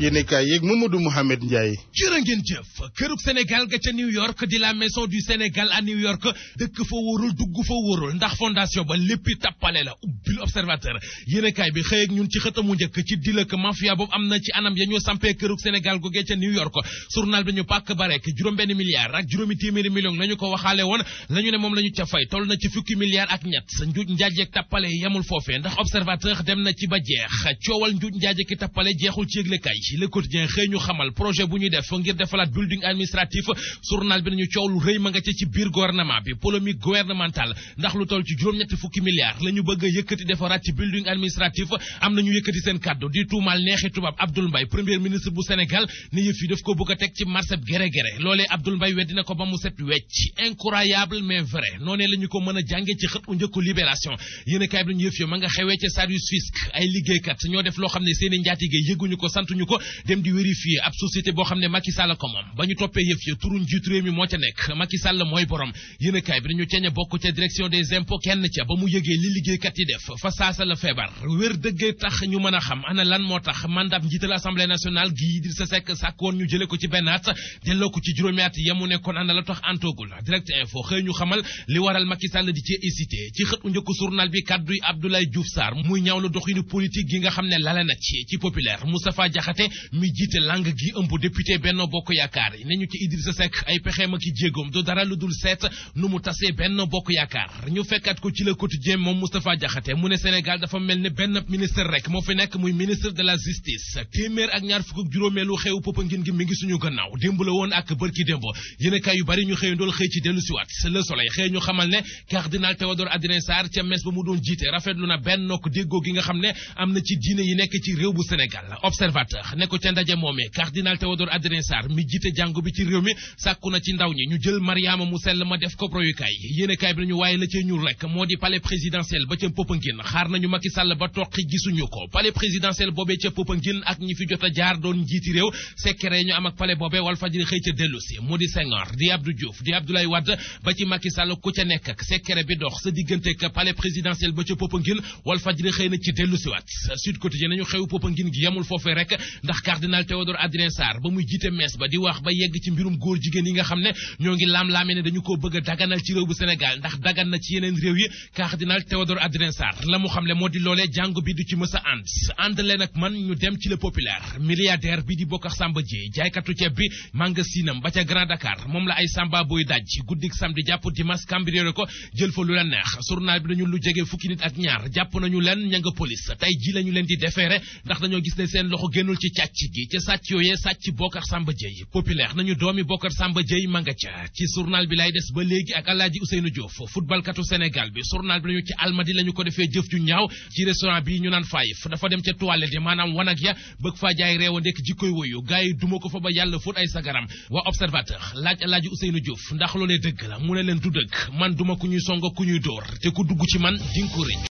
yéenekaay yeeg Mamadou Mouhamed Ndiaye jërë ngeen jëf kërug Sénégal ga ca New York di la maison du Sénégal à New York dëkk fa wóorul dugg fa wóorul ndax fondation ba léppi tappale la ubbil observateur yéenekaay bi xëy ak ñun ci xëtamu njëkk ci dilëk mafia boobu am na ci anam ya ñoo sampee kërug Sénégal gogee ca New York journal bi ñu pàkk ba rek juróom benn milliard ak juróomi téeméeri million la ñu ko waxaale woon la ñu ne moom la ñu ca fay toll na ci fukki milliards ak ñett sa njuuj njaajeeg tappale yamul foofee ndax dem na ci ba jeex coowal njuuj njaajeeg tappale jeexul ci yëglekaay ji le xëy ñu xamal projet bu ñuy def ngir defalaat building administratif journal bi nañu coow lu rëy ma nga ca ci biir gouvernement bi polémique gouvernementale ndax lu toll ci juróom-ñetti fukki milliards la ñu bëgg a yëkkati defaraat ci building administratif am nañu yëkkati seen kàddu di tuumaal neexi tubaab Abdoul Mbaye premier ministre bu Sénégal ne yëf yi daf ko bëgg teg ci marché gere gere loolee Abdoul Mbaye weddi ko ba mu set wecc ñu ko ko dem di vérifier ab société boo xam ne Macky Sall ko moom ba ñu toppee yëf ya turu njiitu réew moo ca nekk Macky Sall mooy borom yéenekaay bi dañu ceeñe bokk ca direction des impôts kenn ca ba mu yëgee li liggéeykat yi def fa saasa la feebar wér dëggee tax ñu mën a xam ana lan moo tax mandat njiital assemblée nationale gi Idrissa Seck sàkkoon ñu jële ko ci benn at delloo ko ci juróomi at yamu nekkoon ana la tax antoogul direct info xëy ñu xamal Dieng mi jiite lang gi ëmb député Benno Bokk Yaakaar yi ne ñu ci Idrissa Seck ay pexeem ak i jéegoom du dara lu dul seet nu mu tasee Benno Bokk Yaakaar ñu fekkaat ko ci Le Quotidien moom Moustapha Diakhaté mu ne Sénégal dafa mel ne benn ministre rek moo fi nekk muy ministre de la justice téeméer ak ñaar fukk ak juróomeelu xewu Popenguine gi mi ngi suñu gannaaw démb la woon ak bërki démb yéenekaay yu bari ñu xëy ndool xëy ci dellu siwaat Le Soleil xëy xamal ne cardinal na benn nokk déggoo gi nga xam ne am na ci diine yi nekk ci réew bu Sénégal observateur ne ko ca ndaje moomee cardinal Théodore Adrien Sarr mi jiite jàngu bi ci réew mi sàkku na ci ndaw ñi ñu jël Mariama mu sell ma def ko royukaay yéenekaay bi nañu waaye la cee ñuul rek moo di palais présidentiel ba ca Popenguine xaar nañu Macky Sall ba toqi gisuñu ko palais présidentiel boobee ca Popenguine ak ñi fi jot a jaar doon njiiti réew secret ñu am ak palais boobe wal Fadjri xëy ca dellu si mu di Senghor di Abdou Diouf di Abdoulaye Wade ba ci ca nekk ak secret bi dox sa diggante ak palais présidentiel ba ca Popenguine Walf Fadjri xëy na ci dellu si waat Sud Quotidien nañu xew Popenguine gi yamul foofee rek ndax cardinal Théodore Adrien Sarr ba muy jiite mees ba di wax ba yegg ci mbirum góor jigéen yi nga xam ne ñoo ngi laam-laame ne dañu koo bëgg a daganal ci réew bu Sénégal ndax dagan na ci yeneen réew yi cardinal Théodore Adrien la mu xamle moo di loolee jàngu bi du ci mës a ànd ànd leen ak man ñu dem ci le populaire milliardaire bi di Bokar Samba Dièye jaaykatu ceeb bi manga siinam ba ca Grand Dakar moom la ay samba booy daj guddik samedi jàpp dimanche cambriolé ko jël fa lu la neex journal bi dañu lu jege fukki nit ak ñaar jàpp nañu leen ña nga police tey ji lañu leen di déféré ndax dañoo gis ne seen loxo ci càcc gi ca sàcc yooyee sàcc Bokar Samba Dieye populaire nañu doomi Bokar Samba Dieye ma nga ca ci journal bi lay des ba léegi ak Alaaji Ousseynou Diouf footballkatu Sénégal bi journal bi ñu naan Faayif dafa dem ca toilette yi maanaam wanag ya bëgg faa jaay reewa ndekk jikkoy woyu gars duma ko fa ba yàlla fóot ay sagaram waa observateur laaj Alaaji Ousseynou Diouf ndax loolee dëgg la mu ne leen du dëgg man duma ku ñuy songo ku ñuy dóor te ku dugg ci man dinga rëcc